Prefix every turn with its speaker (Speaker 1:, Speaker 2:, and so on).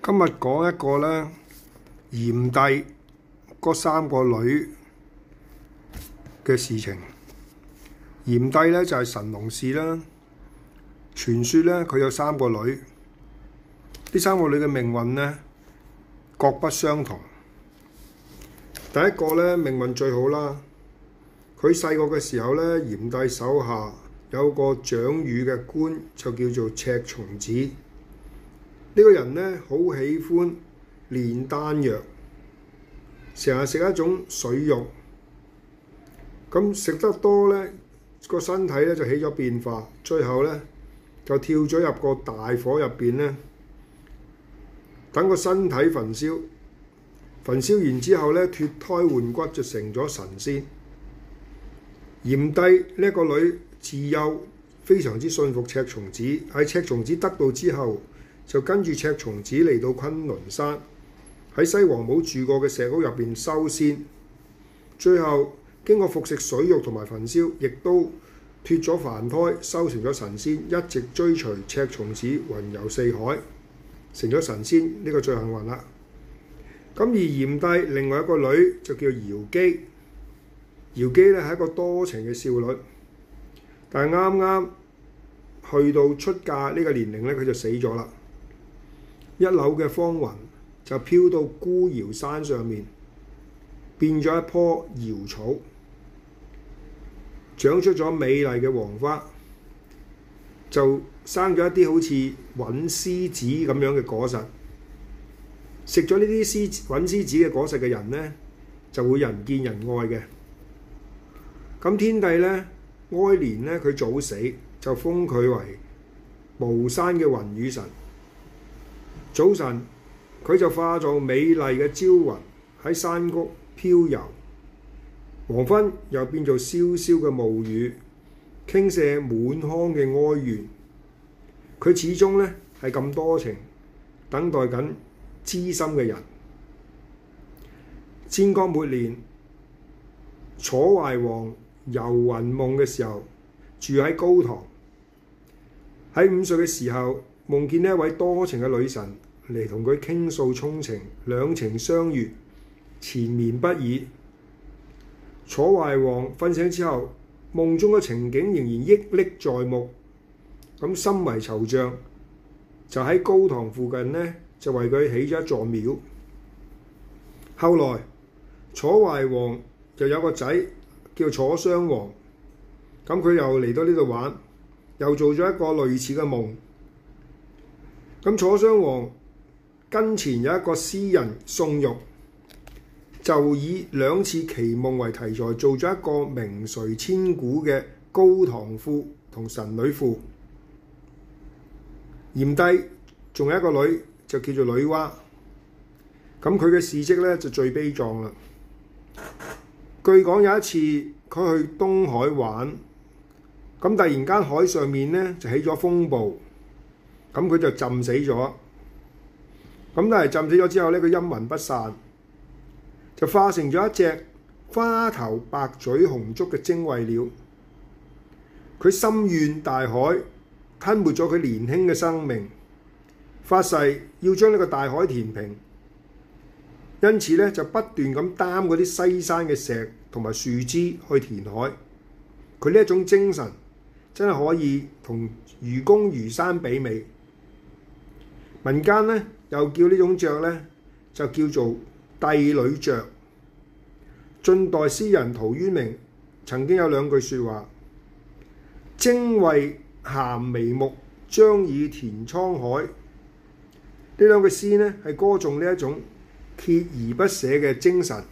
Speaker 1: 今日講一個咧，炎帝嗰三個女嘅事情。炎帝咧就係、是、神農氏啦，傳說咧佢有三個女，呢三個女嘅命運咧各不相同。第一個咧命運最好啦，佢細個嘅時候咧，炎帝手下有個掌雨嘅官，就叫做赤松子。呢個人呢，好喜歡練丹藥，成日食一種水肉，咁、嗯、食得多呢，個身體呢就起咗變化，最後呢就跳咗入個大火入邊呢，等個身體焚燒，焚燒完之後呢，脱胎換骨就成咗神仙。炎帝呢一、這個女自幼非常之信服赤松子，喺赤松子得道之後，就跟住赤松子嚟到昆崙山，喺西王母住過嘅石屋入邊修仙。最後經過服食水玉同埋焚燒亦都脫咗凡胎，修成咗神仙，一直追隨赤松子雲遊四海，成咗神仙呢、這個最幸運啦。咁而炎帝另外一個女就叫瑤姬，瑤姬咧係一個多情嘅少女，但係啱啱去到出嫁呢個年齡咧，佢就死咗啦。一縷嘅芳雲就飄到孤瑤山上面，變咗一棵瑤草，長出咗美麗嘅黃花，就生咗一啲好似揾獅子咁樣嘅果實。食咗呢啲獅揾獅子嘅果實嘅人呢，就會人見人愛嘅。咁天帝呢，哀憐呢，佢早死，就封佢為巫山嘅雲雨神。早晨，佢就化作美麗嘅朝雲喺山谷飄遊；黃昏又變做蕭蕭嘅暮雨，傾瀉滿腔嘅哀怨。佢始終呢係咁多情，等待緊知心嘅人。千江末年，楚懷王遊雲夢嘅時候，住喺高唐。喺五歲嘅時候。夢見呢一位多情嘅女神嚟同佢傾訴衷情，兩情相悅，纏綿不已。楚懷王瞓醒之後，夢中嘅情景仍然歷歷在目，咁甚為惆悵，就喺高堂附近呢，就為佢起咗一座廟。後來楚懷王就有個仔叫楚襄王，咁佢又嚟到呢度玩，又做咗一個類似嘅夢。咁楚襄王跟前有一個詩人宋玉，就以兩次奇夢為題材，做咗一個名垂千古嘅《高唐賦》同《神女賦》。炎帝仲有一個女，就叫做女娃。咁佢嘅事跡呢，就最悲壯啦。據講有一次佢去東海玩，咁突然間海上面呢，就起咗風暴。咁佢就浸死咗，咁但係浸死咗之後呢，佢陰魂不散，就化成咗一隻花頭白嘴紅足嘅精衛鳥。佢深怨大海吞沒咗佢年輕嘅生命，發誓要將呢個大海填平。因此呢，就不斷咁擔嗰啲西山嘅石同埋樹枝去填海。佢呢一種精神真係可以同愚公移山媲美。民間呢又叫呢種雀呢，呢就叫做帝女雀。晉代詩人陶淵明曾經有兩句説話：「精衛銜微木，將以填滄海」。呢兩句詩呢，係歌頌呢一種鍥而不捨嘅精神。